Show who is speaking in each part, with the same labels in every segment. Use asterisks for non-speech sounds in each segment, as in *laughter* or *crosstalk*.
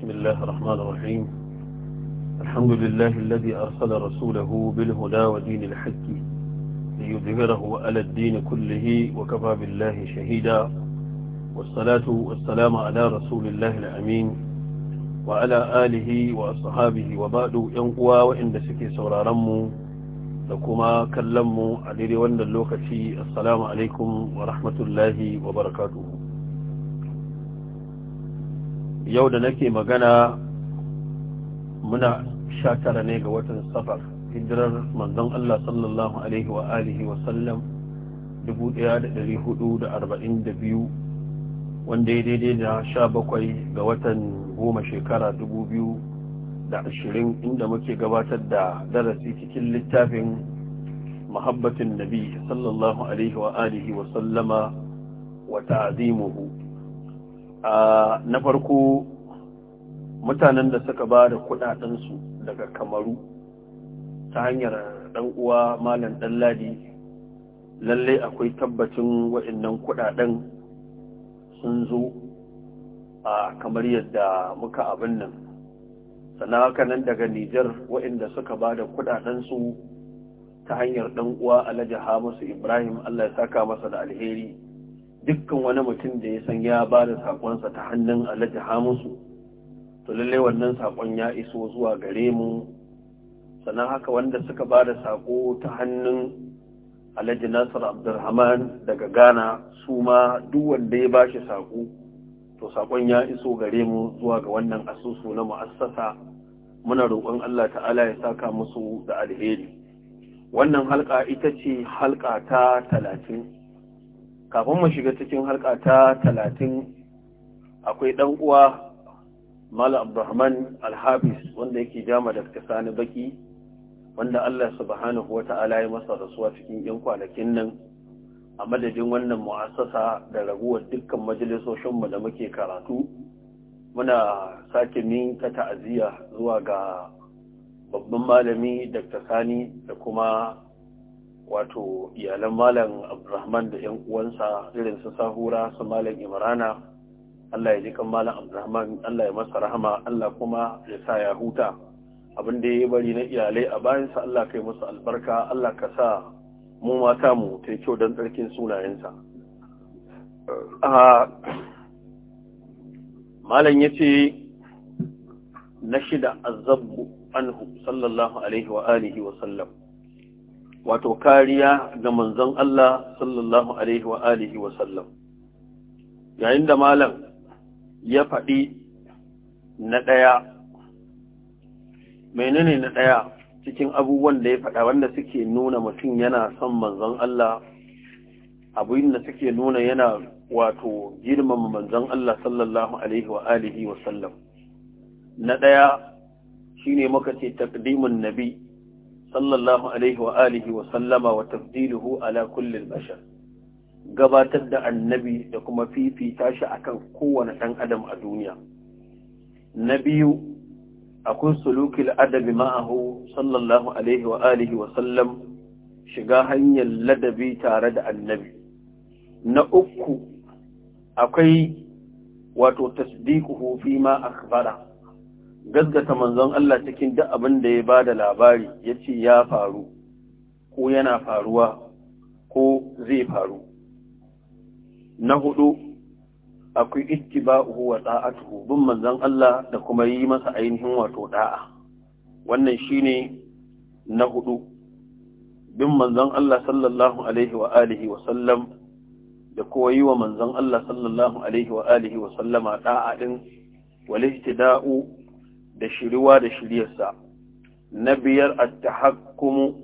Speaker 1: بسم الله الرحمن الرحيم الحمد لله الذي أرسل رسوله بالهدى ودين الحق ليظهره على الدين كله وكفى بالله شهيدا والصلاة والسلام على رسول الله الأمين وعلى آله وأصحابه وبعد ينقوى وإن سكي سورارمو لكما كلموا علي رواند اللوكة السلام عليكم ورحمة الله وبركاته yau da nake magana muna sha tara ne ga watan safar hijirar manzon Allah sallallahu alaihi wa alihi wa sallam 1442 wanda ya daidai da sha bakwai ga watan goma shekara 2020 inda muke gabatar da darasi cikin littafin muhabbatin nabi sallallahu alaihi wa alihi wa sallama wa ta'azimuhu A na farko mutanen da suka ba da kudadensu daga kamaru ta hanyar dan uwa malam ɗanladi lalle akwai tabbacin waɗannan kudaden sun zo a kamar yadda muka abin nan sannan haka nan daga nijar waɗanda suka ba da kudadensu ta hanyar dan uwa alhaji hamisu ibrahim allah ya saka masa da alheri dukkan wani mutum da ya san ya ba da saƙonsa ta hannun alhaji hamusu to lallai wannan saƙon ya iso zuwa gare mu sannan haka wanda suka ba da saƙo ta hannun alhaji nasir abdulrahman daga ghana su ma duk wanda ya ba shi saƙo to saƙon ya iso gare mu zuwa ga wannan asusu na mu'assasa muna roƙon allah ta'ala ya saka musu da alheri wannan halka ita ce halka ta talatin kafin mu shiga cikin harka ta talatin akwai ɗan uwa malam abdulrahman alhabis wanda yake jama da sani baki wanda allah subhanahu wa ta'ala ya masa rasuwa cikin yan kwanakin nan a madadin wannan mu'assasa da raguwar dukkan majalisoshinmu da muke karatu muna sake minka ta'aziyya zuwa ga babban malami dr sani da kuma wato iyalan malam abdurrahman da yan uwansa irin su sahura su malam imrana Allah ya ji kan malam abdurrahman Allah ya masa rahama Allah kuma ya sa ya huta abin da ya bari na iyalai a bayansa Allah kai musu albarka Allah ka sa mu mata mu ta kyau don tsarkin sunayensa malam ya ce na shida azabu anhu sallallahu alaihi wa alihi wa sallam wato kariya ga manzon Allah sallallahu alaihi wa alihi wa sallam yayin da malam ya faɗi na ɗaya menene na ɗaya cikin abubuwan da ya faɗa wanda suke nuna mutum yana son manzon Allah abin da suke nuna yana wato girman manzon Allah sallallahu alaihi wa alihi wa sallam na ɗaya shine muka ce takdimun nabi sallallahu alaihi wa alihi wa sallama wa tafdiluhu ala kullin bashar gabatar da annabi da kuma fifita shi akan kowane ɗan adam a duniya na biyu akwai sulukil adabi ma'ahu sallallahu alaihi wa alihi wa sallam shiga hanyar ladabi tare da annabi na uku akwai wato tasdiquhu fi ma akhbara Gazgata manzon Allah cikin duk abin da ya bada labari ya ce ya faru ko yana faruwa ko zai faru na hudu akwai ittiba'uhu wa da'atuhu bin manzon Allah da kuma yi masa ainihin wato da'a wannan shi ne na hudu bin manzon Allah sallallahu alaihi wa alihi wa sallam da kuma yi wa manzon Allah sallallahu alaihi wa alihi wa sallama da'a din wal ihtida'u da shiruwa da shiryarsa na biyar a tahakkumu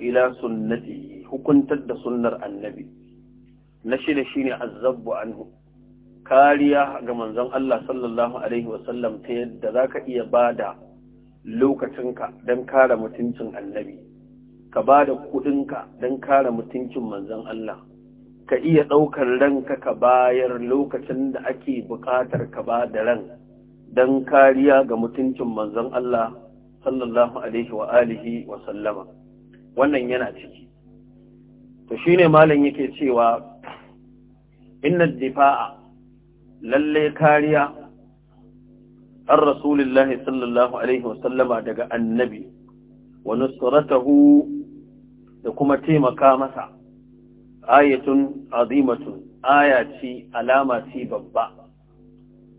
Speaker 1: ila sunnati hukuntar da sunnar annabi na shida shine azabbu anhu kariya ga manzon Allah sallallahu alaihi wasallam ta yadda za ka iya bada lokacinka don kare mutuncin annabi ka ba da kudinka don kare mutuncin manzon Allah ka iya ɗaukar ranka ka bayar lokacin da ake buƙatar ka ba da ran don kariya ga mutuncin manzon Allah sallallahu alaihi wa alihi wa sallama wannan yana ciki to shine malam yake cewa inna difa'a lalle kariya an rasulillahi sallallahu alaihi wa sallama daga annabi wa nusratahu da kuma taimaka masa ayatun azimatun aya ci alama ci babba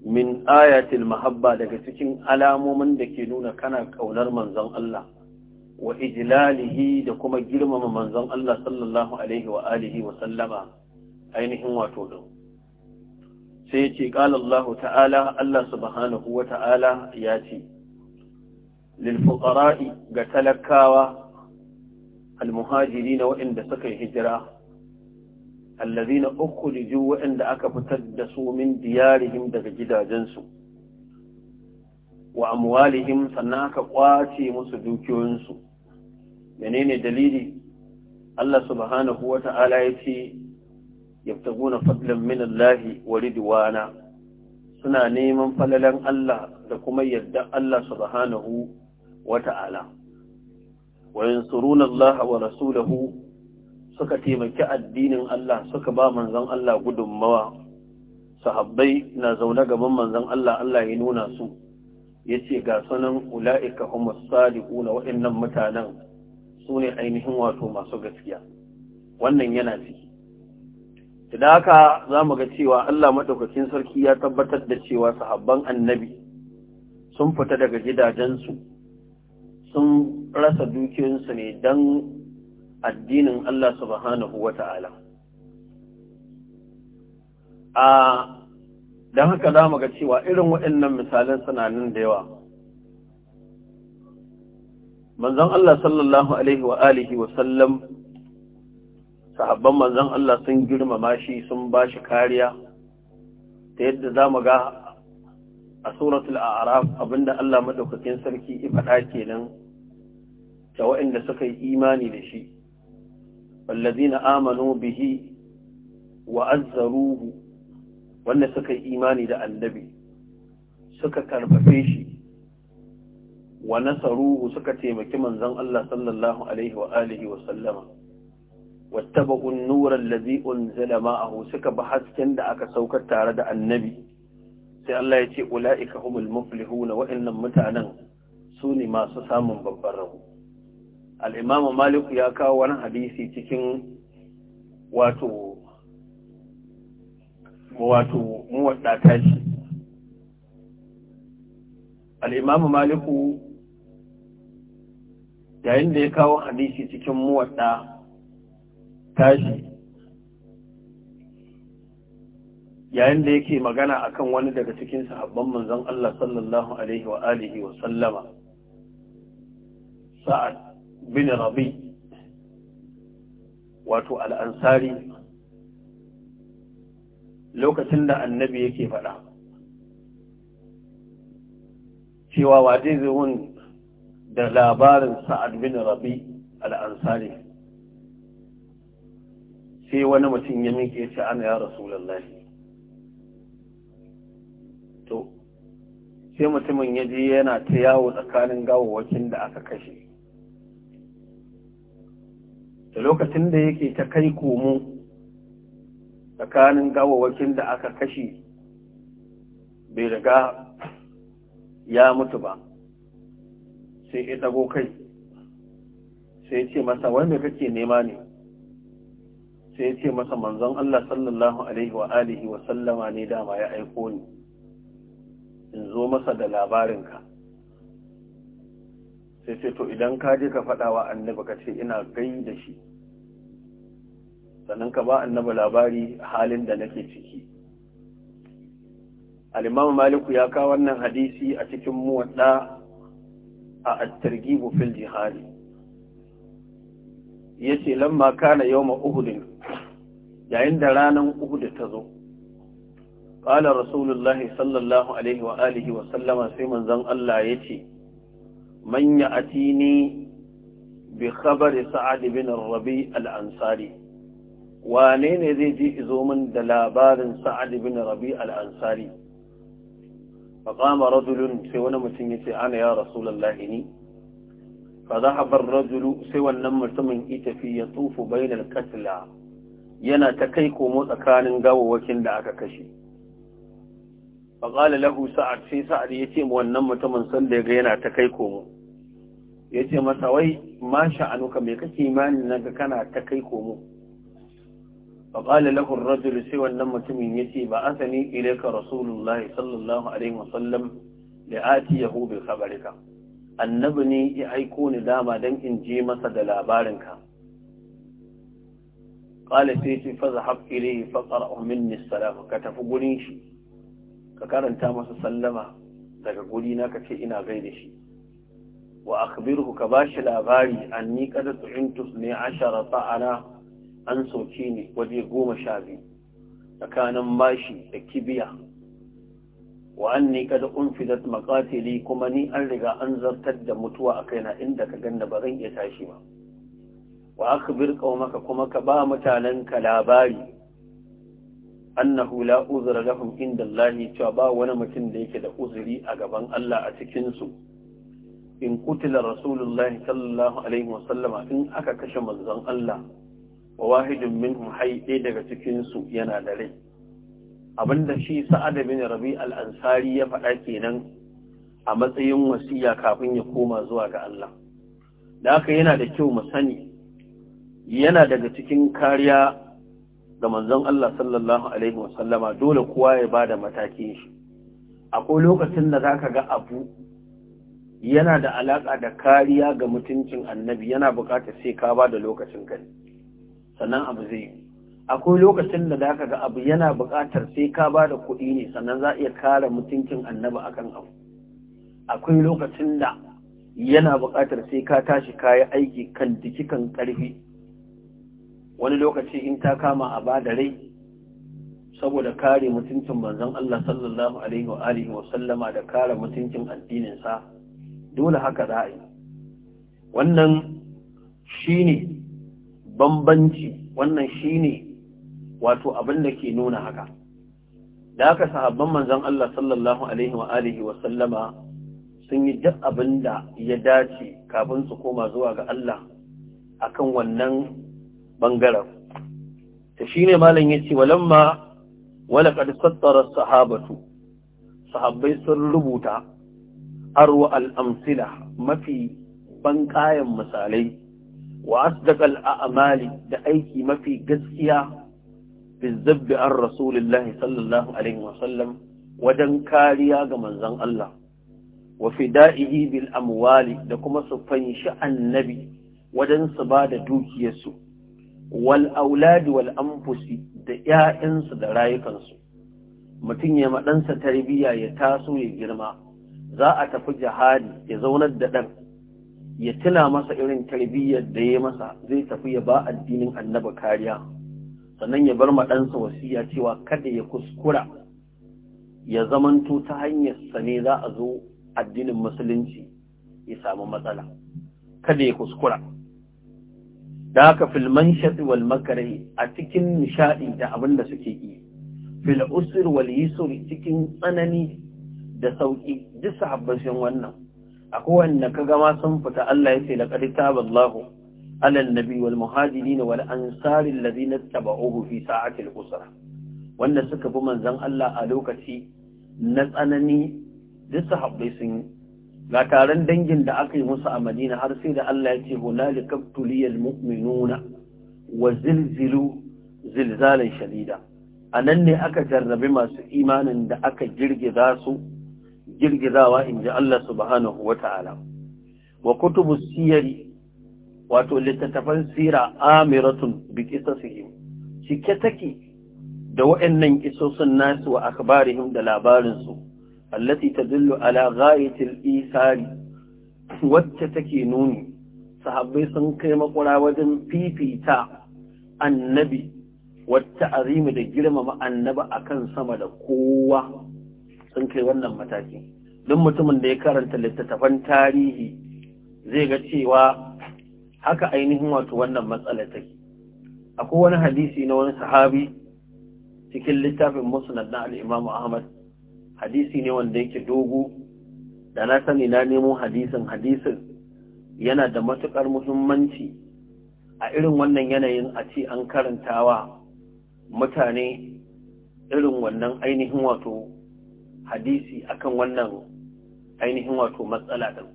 Speaker 1: min ayatil mahabba daga cikin alamomin da ke nuna kana ƙaunar manzon Allah wa ijlalihi da kuma girmama manzon Allah sallallahu alaihi wa alihi wa sallama ainihin wato din sai yace qala Allah ta'ala Allah subhanahu wa ta'ala ya lil fuqara'i ga talakawa al muhajirin waɗanda suka hijira uku da ukhriju wa'anda aka fitar da su min diyarihim daga gidajensu wa amwalihim sannan aka kwace musu dukiyoyin su menene dalili Allah subhanahu wa ta'ala yace yabtaguna fadlan min Allah wa ridwana suna neman falalan Allah da kuma yadda Allah subhanahu wa ta'ala wa yansuruna Allah wa rasulahu suka taimaki addinin Allah suka ba manzan Allah gudunmawa sahabbai na zaune gaban manzon Allah Allah ya nuna su yace ga sanan ulaika humus na waɗannan mutanen su ne ainihin wato masu gaskiya wannan yana ciki idan haka za mu ga cewa Allah madaukakin sarki ya tabbatar da cewa sahabban annabi sun fita daga gidajensu sun rasa dukiyarsu ne don addinin Allah subhanahu wa ta'ala. A don haka za mu ga cewa irin waɗannan misalan suna nan da yawa. Manzon Allah sallallahu Alaihi wa alihi wa sallam, sahabban manzon Allah sun girmama shi sun ba shi kariya, ta yadda za mu ga a suratul a'raf abinda Allah madaukakin sarki ya faɗa kenan da waɗanda suka yi imani da shi wallazina amanu bihi wa wanda suka yi imani da annabi suka karfafe shi wa nasaruhu suka taimaki manzon Allah sallallahu alaihi wa alihi wa sallama wattaba'u an-nura allazi suka bi hasken da aka sauka tare da annabi sai Allah ya ce ulaika humul muflihuna waɗannan mutanen mutanan su ne masu samun babbar rabo al'imamu maliku ya kawo wani hadisi cikin wato wato muwaɗata shi al'imamu maliku yayin da ya kawo hadisi cikin muwaɗa tashi yayin da yake magana akan wani daga cikin sahabban manzon Allah sallallahu alaihi wa alihi wa sallama sa'ad bin rabi wato al'ansari lokacin da annabi yake faɗa cewa waje zuwan da labarin sa'ad bin rabi al'ansari sai wani mutum ya miƙe ce ana ya rasulallah to sai mutumin ya je yana ta yawo tsakanin gawawwakin da aka kashe da lokacin da yake ta kai komo tsakanin gawawakin da aka kashe bai riga ya mutu ba sai ya dago kai sai ce masa wai me kake nema ne sai ce masa manzon Allah sallallahu alaihi wa alihi wa sallama ne dama ya aiko ni in zo masa da labarin ka. sai ce to idan ka je ka faɗa wa annabi ka ce ina gai da shi sannan ka ba annabi labari halin da nake ciki al maliku ya kawo wannan hadisi a cikin muwadda a at-targhib fil jihad yace lamma kana yawma uhud yayin da ranar uhud ta zo قال رسول الله صلى الله عليه وآله وسلم سيمن زن الله يتي Manya ya'tini bi khabari sa'ad bin rabi al-ansari wane zai ji izo min da labarin sa'ad bin al-ansari فقام رجل ya نمتن يتي أنا يا رسول الله إني فذهب الرجل سوى نمتن يتفي يطوف بين الكتلى yana ta kai komo tsakanin gawawwakin da aka kashe faƙala lahu sa'ad sai sa'ad ya ce wannan mutumin san da ya ga yana ta kai komo ya ce masa wai ma sha'anuka mai kake imanin na ga kana ta kai komo faƙala lahu rajul sai wannan mutumin ya ce ba asani ilaika rasulullahi sallallahu alaihi wasallam da ati yahu bi khabarika annabi ne ya aiko ni dama dan in je masa da labarinka qala sai ce fa zahab ilayhi fa qara'u minni ka tafi gurin shi ka karanta masa sallama daga guri na ka ce ina da shi wa akhbirhu ka bashi labari anni qad tu'intu ne ashara ta'ana an soke ni waje goma sha biyu tsakanin bashi da kibiya wa anni qad unfidat maqatili kuma ni an riga an zartar da mutuwa a kaina inda ka ganna ba zan iya tashi ba wa akhbir qaumaka kuma ka ba mutanenka labari annahu la uzra lahum inda Allah cewa ba wani mutum da yake da uzuri a gaban Allah a cikin su in kutila rasulullahi sallallahu alaihi wasallama in aka kashe manzon Allah wa wahidun minhum hayy daga cikin su yana da rai abinda shi sa'ad bin rabi al-ansari ya faɗa kenan a matsayin wasiya kafin ya koma zuwa ga Allah da haka yana da kyau mu sani yana daga cikin kariya da manzon Allah sallallahu alaihi wasallama dole kowa ya bada matakin shi akwai lokacin da zaka ga abu yana da alaka da kariya ga mutuncin annabi yana buƙatar sai ka bada lokacin kai sannan abu zai yi akwai lokacin da zaka ga abu yana buƙatar sai ka bada kuɗi ne sannan za iya kare mutuncin annabi akan abu akwai lokacin da yana buƙatar sai ka tashi kayi aiki kan dikikan karfi wani lokaci in ta kama a ba da rai saboda kare mutuncin manzon Allah sallallahu alaihi wa alihi wa sallama da kare mutuncin addinin sa dole haka za a yi wannan shine bambanci wannan shine wato abin da ke nuna haka da haka sahabban manzon Allah sallallahu alaihi wa alihi wa sallama sun yi duk abin da ya dace kafin su koma zuwa ga Allah akan wannan ɓangaren ta shi ne malin ya ce walamma wala ƙarfattara sahabatu sahabbai sun rubuta arwa al'amsila mafi bankayen misalai wa asdaqal a'mali da aiki mafi gaskiya bizzabbi an rasulillahi sallallahu alaihi sallam wajen kariya ga manzon Allah wa fida'ihi bil amwali da kuma su fanshi annabi wajen su ba da dukiyarsu wal auladi wal anfusi da 'ya'yansu da rayukansu mutum ya maɗansa tarbiyya ya taso ya girma za a tafi jihadi ya zaunar da ɗan ya tuna masa irin tarbiyyar da ya masa zai tafi ya ba addinin annaba kariya sannan ya bar maɗansa wasiya cewa kada ya kuskura ya zamanto ta hanyar ne za a zo addinin musulunci ya samu matsala kada ya kuskura da haka filman wal makarai a cikin nishaɗi da abin da suke yi fil usur wal yusur cikin tsanani da sauƙi duk sahabbashin wannan a wanda ka gama sun fita Allah ya ce laqad taballahu ala annabi wal muhajirin wal ansari taba tabauhu fi sa'ati al wanda suka bi manzon Allah a lokaci na tsanani duk sahabbai sun ga taron dangin da aka yi musu a madina har sai da Allah ya ce hunalika tuliyal mu'minuna wa zilzilu zilzalan A nan ne aka jarrabe masu imanin da aka girgiza su girgizawa inji Allah subhanahu ta'ala wa kutubu siyari wato littattafan sira amiratun bi qisasihim cike take da wa'annan kisosin nasu wa akhbarihim da labarin su allati tadullu ala ghayatil isari wacce take nuni sahabbai sun kai makura wajen fifita annabi wata azimi da girmama annaba akan sama da kowa sun kai wannan mataki duk mutumin da ya karanta littattafan tarihi zai ga cewa haka ainihin wato wannan matsala take akwai wani hadisi na wani sahabi cikin littafin musnad na al-Imam Ahmad hadisi ne wanda yake dogo da na sani na nemo hadisin hadisin yana da matuƙar muhimmanci a irin wannan yanayin a ce an karantawa mutane irin wannan ainihin wato hadisi akan wannan ainihin wato matsala ɗin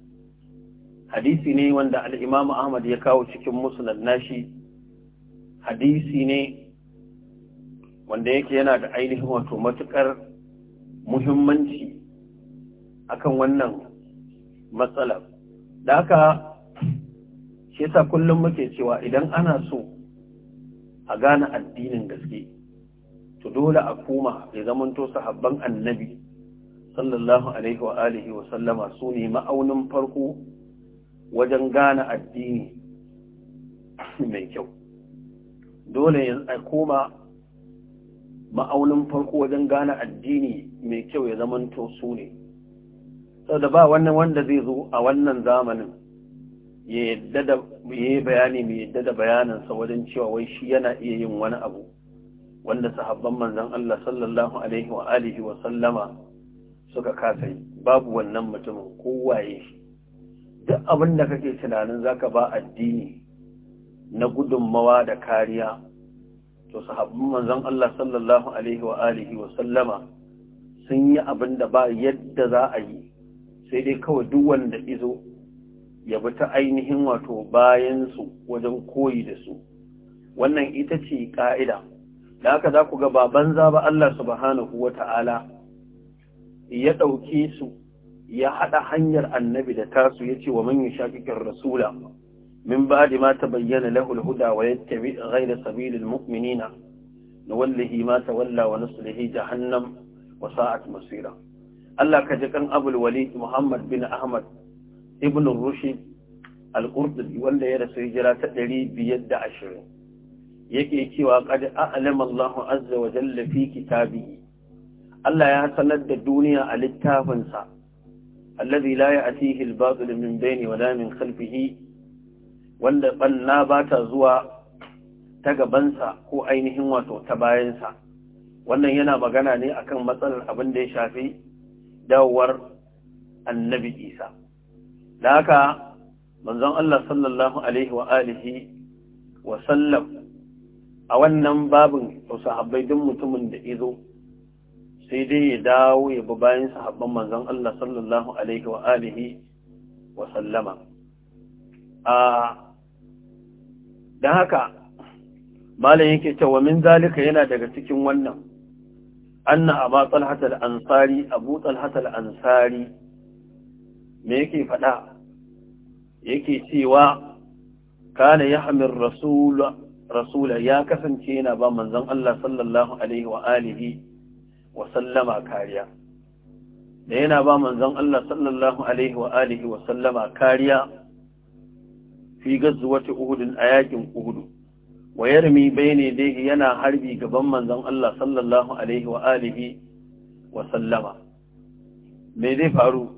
Speaker 1: hadisi ne wanda al'imamu ahmad ya kawo cikin musulun nashi hadisi ne wanda yake yana da ainihin wato matuƙar muhimmanci akan wannan matsala da haka shi yasa kullum muke cewa idan ana so a gane addinin gaske to dole a koma ya zamanto sahabban annabi sallallahu alaihi wa alihi wa sallama su ne ma'aunin farko wajen gane addini mai kyau dole a koma ma'aunin farko wajen gane addini mai kyau ya zamanto su ne saboda ba wannan wanda zai zo a wannan zamanin ya yadda da ya bayani mai yadda da bayaninsa wajen cewa wai shi yana iya yin wani abu wanda sahabban manzon Allah sallallahu alaihi wa alihi wa sallama suka kasa yi babu wannan mutumin kowaye shi duk abinda da kake tunanin zaka ba addini na gudunmawa da kariya to sahabban manzon Allah sallallahu alaihi wa alihi wa sallama sun yi abin da ba yadda za a yi sai dai kawai duk wanda izo ya bi ta ainihin wato bayan su wajen koyi da su wannan ita ce ka'ida da haka za ku ga ba banza ba Allah subhanahu ta'ala ya ɗauke su ya haɗa hanyar annabi da tasu ya ce wa man yashaqiqir rasula من بعد ما تبين له الهدى ويتبع غير سبيل المؤمنين نوله ما تولى ونصله جهنم وساءت مصيره الله كجكن أبو الوليد محمد بن أحمد ابن الرشد القرطبي ولا يرسل هجرة تدري بيد عشرين yake cewa kad a'lama Allahu azza wa jalla fi kitabihi Allah ya sanar da duniya a littafinsa alladhi la ya'tihi al-batil min bayni wa la min khalfihi wanda ɓanna ba ta zuwa ta gabansa ko ainihin wato ta bayansa wannan yana magana ne akan matsalar abin da ya shafi dawowar annabi isa da haka manzon Allah sallallahu alaihi wa alihi wa sallam a wannan babin sahabbai duk mutumin da izo sai dai ya dawo ya bi bayan sahabban manzon Allah sallallahu alaihi wa alihi wa sallama a ah, don haka malam yake cewa min zalika yana daga cikin wannan anna aba talhata al-ansari abu talhata al-ansari me yake faɗa yake cewa kana ya rasul rasula ya kasance yana ba manzon Allah sallallahu alaihi wa alihi wa sallama kariya da yana ba manzon Allah sallallahu alaihi wa alihi wa sallama kariya fi ta uhudun a yakin uhudu wa yarmi ne dai yana harbi gaban manzon Allah sallallahu alaihi wa alihi wa sallama me zai faru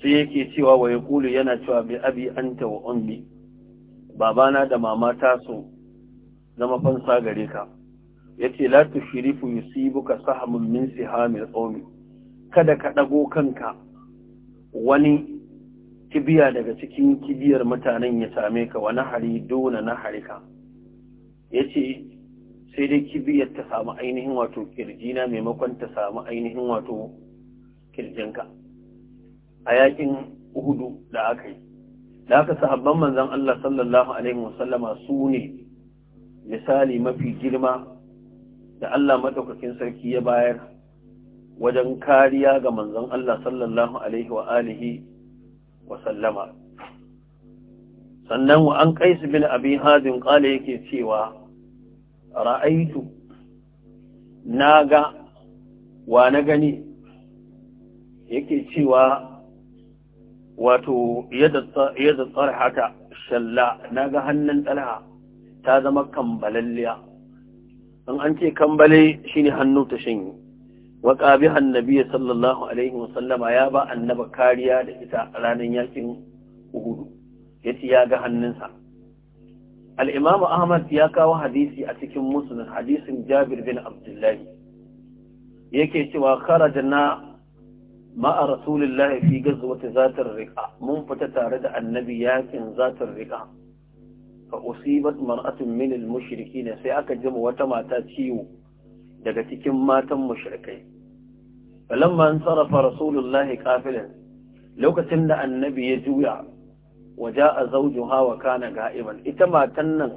Speaker 1: sai yake cewa wa Kulu yana cewa bi abi anta wa ummi babana da mamata su zama fansa gare ka yace la tushrifu yusibuka sahmun min sihamil qawmi kada ka ɗago kanka wani kibiya daga cikin kibiyar mutanen ya same ka wa nahari dona ka," ya ce sai dai kibiyar ta samu ainihin wato kirjina maimakon ta samu ainihin wato kirjinka a yakin uhudu da aka yi da aka sahabban manzan Allah sallallahu alaihi wasallama su ne misali mafi girma da Allah maɗaukakin sarki ya bayar wajen kariya ga manzan Allah sallallahu alaihi wa alihi wasallama sannan an kaisu bin abin hadin kala yake cewa ra'aitu na ga wa na gani yake cewa wato yadda tsarha shalla na ga hannun tsarha ta zama kambalalliya in an ce kambale shine hannu ta shanye Waƙabi qabihan sallallahu alaihi wasallama ya ba annaba kariya da ita a ranar yakin ya yace ya ga hannunsa al-Imam Ahmad ya kawo hadisi a cikin Musnad hadisin Jabir bin Abdullahi. yake cewa na ma'a Rasulullahi fi wata zatar riƙa. mun fita tare da annabi yakin zatar riqa fa usibat mar'atun min al-mushrikeen sai aka jima wata mata ciwo daga cikin matan mushirikai falamma sarrafa sarafa rasulullahi qafilan lokacin da annabi ya juya waja'a zawjuha hawa kana ga'iban ita matan nan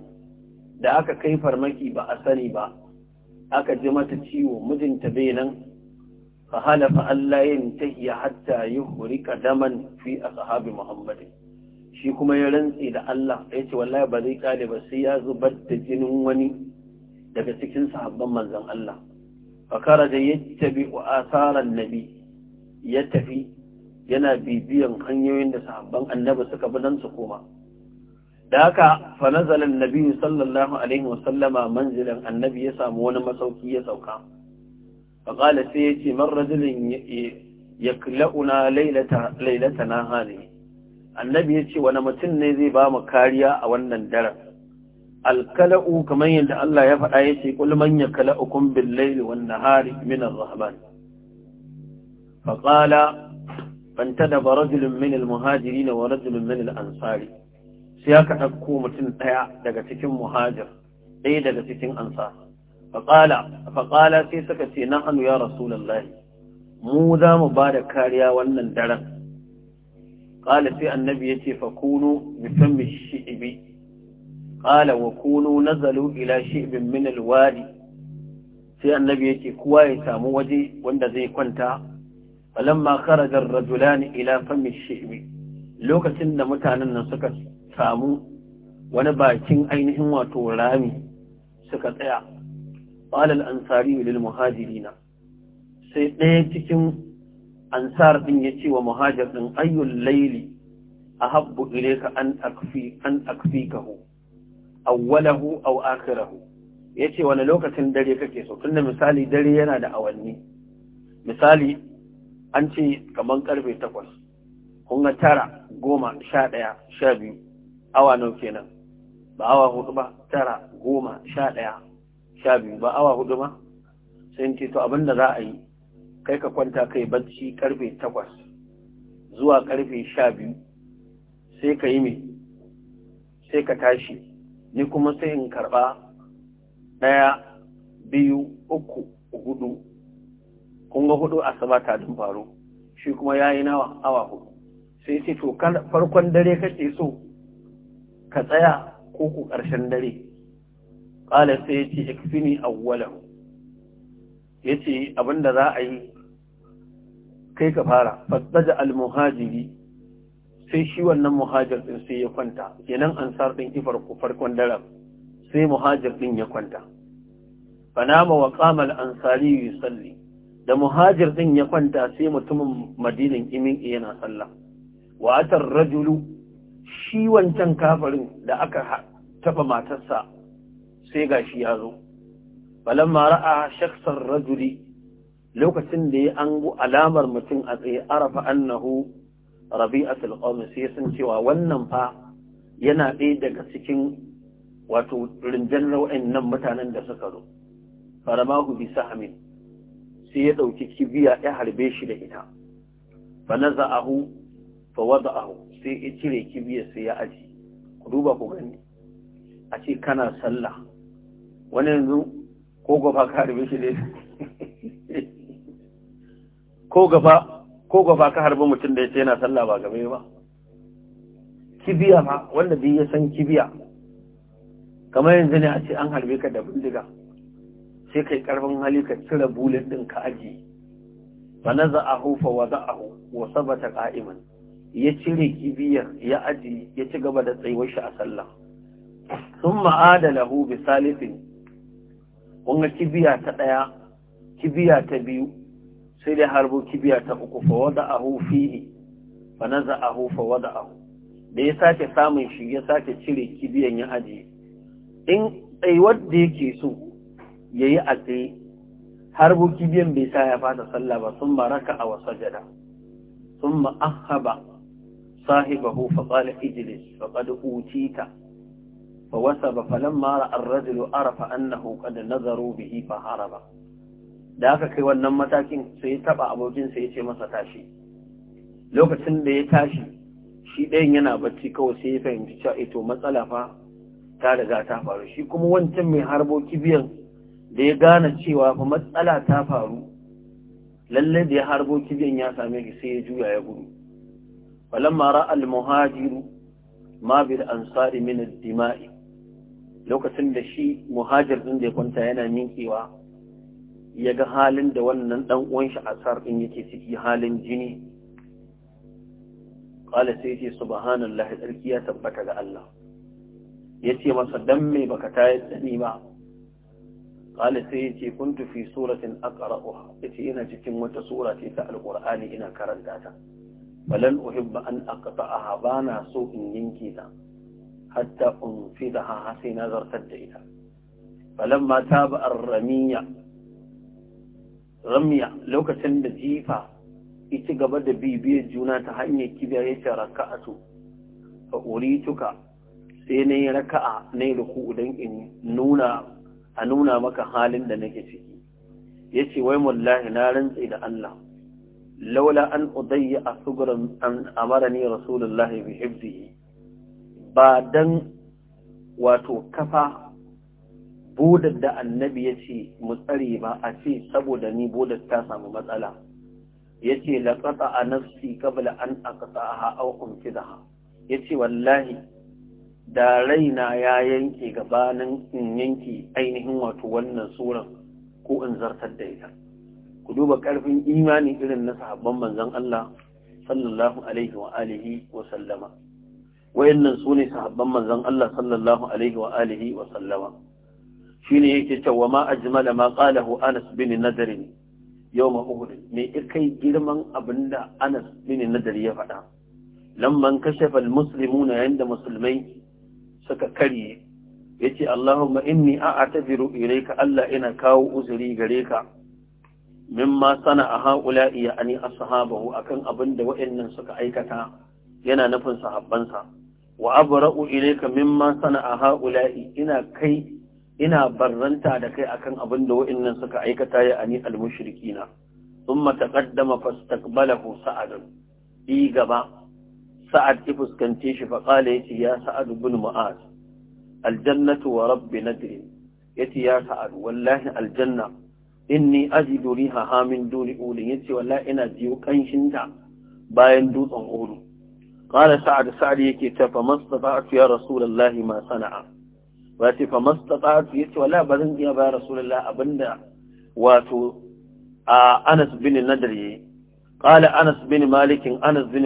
Speaker 1: da aka kai farmaki ba a sani ba aka ji mata ciwo mijinta bai nan fa halafa Allah yin tahiya hatta yuhrika daman fi sahabi muhammadin shi kuma ya rantsi da Allah ya ce wallahi ba zai kare ba sai ya zubar da jinin wani daga cikin sahabban manzan Allah fakara da yattabi wa asarar nabi ya tafi yana bibiyan hanyoyin da sahabban annabi suka bi su koma da haka fa nazala annabi sallallahu alaihi wa sallama manzilan annabi ya samu wani masauki ya sauka fa qala sai yace man rajulin yakla'una laylata na hane. annabi yace wani mutum ne zai ba mu kariya a wannan daren alkala'u kamar yadda Allah ya faɗa ya ce kul manya yakala'ukum bil wan nahari min ar-rahman fa qala fantadaba rajulun min al-muhajirin wa rajulun min al-ansari sai aka dauko mutum daya daga cikin muhajir daya daga cikin ansar fa qala fa qala sai suka ce nahnu ya rasulullahi mu za mu ba da kariya wannan daren ƙala sai annabi ya ce fakunu musamman shi'ibi qala wa kunu nazalu ila shi'bin min alwadi sai annabi yake kowa ya samu waje wanda zai kwanta falamma kharaja ar-rajulani ila fami shi'bi lokacin da mutanen nan suka samu wani bakin ainihin wato rami suka tsaya qala al-ansari lil muhajirina sai ɗaya cikin ansar din yace wa muhajir din ayyul layli ahabbu ilayka an akfi an awwalahu aw akhirahu yace wani lokacin dare kake so tunda misali dare yana da awanni misali an ce kaman karfe 8 kun ga 9 10 11 12 awa nawa kenan ba awa hudu ba 9 10 11 ba awa hudu ba sai ce to abinda za a yi kai ka kwanta kai bacci karfe 8 zuwa karfe 12 sai ka yi me sai ka tashi ni kuma sai in karɓa ɗaya biyu uku hudu kun ga hudu saba ta dun faru shi kuma ya yi nawa awa hudu sai ce to farkon dare kake so ka tsaya ko ku ƙarshen dare ƙala sai ya ce ikfini awwalahu ya ce abinda za a yi kai ka fara fasaja almuhajiri sai shi wannan muhajir din sai ya kwanta kenan ansar din ifar ku farkon dare sai muhajir din ya kwanta fanama wa qama al-ansari yusalli da muhajir din ya kwanta sai mutumin madinin imin yana sallah wa atar rajulu shi wancan kafarin da aka taba matarsa sai gashi ya zo balamma ra'a shakhsar rajuli lokacin da ya ango alamar mutum a tsaye arafa annahu rabi'atul qawmi sai sun cewa wannan fa yana ɗaya daga cikin wato rinjan nan mutanen da suka zo faramahu bi sahmin sai ya ɗauki kibiya ya harbe shi da ita fa naza'ahu fa wada'ahu sai ya cire kibiyar sai ya aji ku duba ku gani a ce kana sallah wani yanzu ko gaba ka harbe shi ne *laughs* ko gaba ko gwafa ka harbi mutum da ya ce yana sallah ba game ba kibiya ma wanda biyu ya san kibiya kamar yanzu ne a ce an harbe ka da bindiga sai kai karfin hali ka cire bulin din ka aji fa naza'ahu fa wada'ahu wa sabata qa'iman ya cire kibiyar ya aji ya ci gaba da tsayuwar shi a sallah thumma adalahu bi salifin kun kibiya ta daya kibiya ta biyu sai dai harbo kibiya ta uku fa wada ahu fihi fa naza ahu fa wada ahu da ya sake samun shi ya sake cire kibiyan ya aje in tsayuwar da yake so yayi a tsaye harbo kibiyan bai sa ya fata sallah ba sun maraka a wasajada sun ma'ahaba صاحبه فقال fa فقد mara فوسب فلما رأى arafa annahu أنه قد bihi fa haraba. da aka kai wannan matakin sai ya taba abokinsa ya ce masa tashi lokacin da ya tashi shi ɗayan yana bacci kawai sai ya fahimci cewa ito eh, matsala fa ta riga ta faru shi kuma wancan mai harbo kibiyan da ya gane cewa fa matsala ta faru lallai da ya harbo kibiyan ya same shi sai ya juya ya gudu falamma ra al-muhajiru ma bil ansari min ad-dima'i lokacin da shi muhajir din da ya kwanta yana ninkewa ya ga halin da wannan dan uwan shi asar din yake ciki halin jini qala sai ce subhanallahi tsarki ya tabbata ga Allah yace masa dan me baka tayar da ba qala sai yace kuntu fi suratin aqra'uha yace ina cikin wata sura ce ta alqur'ani ina karanta ta balan uhibba an aqta'aha bana so in yanke ta hatta unfidaha sai zartar da ita falamma taba ar-ramiya ramya lokacin da jifa ita gaba da bibiyar juna ta hanyar kibiya ya ce su tuka sai na yi raka'a na yi ruku don in nuna a nuna maka halin da nake ciki ya ce wai mullahi na rantse da Allah laula an udayya a sugurin an amara ne rasulullahi bi hibzihi ba dan wato kafa bodar da annabi ya ce mu tsare ba a ce saboda ni bodar ta samu matsala ya ce laƙasa a nafsi kabla an a a ha'aukun fidaha ya ce wallahi da raina ya yanke gabanin in yanke ainihin wato wannan suran ko in zartar da ita ku duba ƙarfin imani irin na sahabban manzon Allah sallallahu alaihi wa alihi wa sallama wayannan sune sahabban manzon Allah sallallahu alaihi wa alihi wa sallama shine yake cewa ma ajmala ma qalahu Anas bin Nadr yawm Uhud me kai girman abinda Anas bin Nadr ya faɗa lamman kashafa almuslimuna yanda musulmai suka karye yace Allahumma inni a'taziru ilayka Allah ina kawo uzuri gare ka mimma a haula'i ani ashabahu akan abinda wa'annan suka aikata yana nufin sahabbansa wa abra'u ilayka mimma a haula'i ina kai ina barranta da kai akan abin da waɗannan suka aikata ya ani al Sun mataƙaddama taqaddama fastaqbalahu sa'ad bi gaba sa'ad ki fuskance shi fa qala yace ya sa'ad ibn mu'az al-jannatu wa rabbi nadri yace ya sa'ad wallahi al inni ajidu riha min duni ulin yace wallahi ina jiyo kanshin ta bayan dutsen ulu قال sa'ad Sa'ad yake تفا ما استطعت ya رسول الله ما wato ce fa mastata'atu yace wala ba zan iya ba rasulullah abinda wato a Anas bin Nadr yayi قال أنس بن مالك أنس بن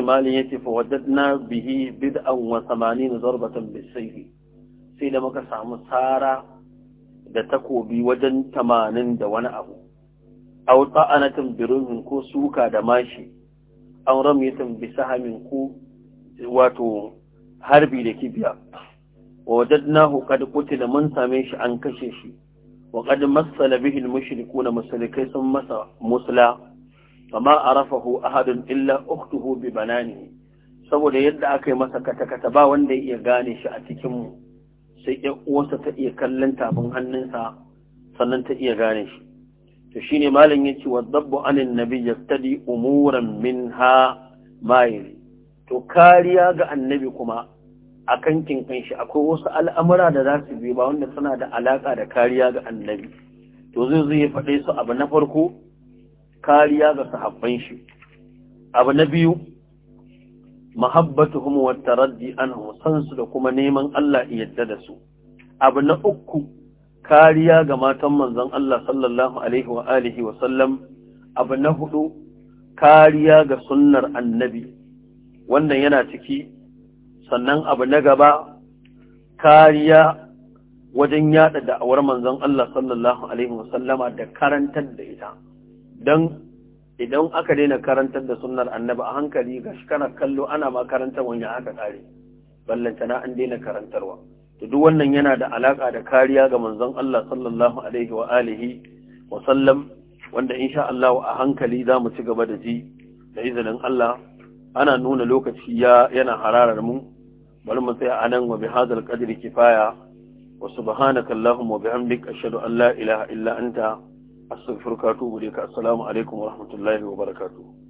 Speaker 1: na bihi bid'an wa وثمانين ضربة بالسيف sai da muka samu tsara da takobi wajen tamanin da wani abu aw ta'anatin birun ko suka da mashi an bisa bisahamin ko wato harbi da kibiya wajadnahu qad qutila mun same shi an kashe shi wa qad massala bihi al-mushrikuuna musyrikai sun masa musla kama arafahu ahadun illa ukhtuhu bi banani saboda yadda aka yi masa katakata ba wanda ya gane shi a cikin mu sai ya uwarsa ta iya kallon tafin hannunsa sannan ta iya gane shi to shine malam yace wa dabbu anin nabi yaftadi umuran minha mayil to kariya ga annabi kuma a kan kinkan shi akwai wasu al'amura da za su bi ba wanda suna da alaƙa da kariya ga annabi to zai zai ya faɗe su abu na farko kariya ga sahabban shi abu na biyu mahabbatuhum wa taraddi anhum san su da kuma neman Allah ya yarda da su abu na uku kariya ga matan manzon Allah sallallahu alaihi wa alihi wa sallam abu na hudu kariya ga sunnar annabi wannan yana ciki sannan abu na gaba kariya wajen yada da'awar manzon Allah sallallahu alaihi wasallama da karantar da ita dan idan aka daina karantar da sunnar annabi a hankali gashi kana kallo ana ma karantar wanda aka kare na an daina karantarwa to duk wannan yana da alaka da kariya ga manzon Allah sallallahu alaihi wa alihi wa sallam wanda insha Allah a hankali za mu ci gaba da ji da izinin Allah ana nuna lokaci ya yana hararar mu bari mu tsaya anan wa bi hadal kadiri kifaya wa subhanaka allahumma wa bihamdik ashhadu an la ilaha illa anta astaghfiruka wa atubu ilaik assalamu alaikum wa rahmatullahi wa barakatuh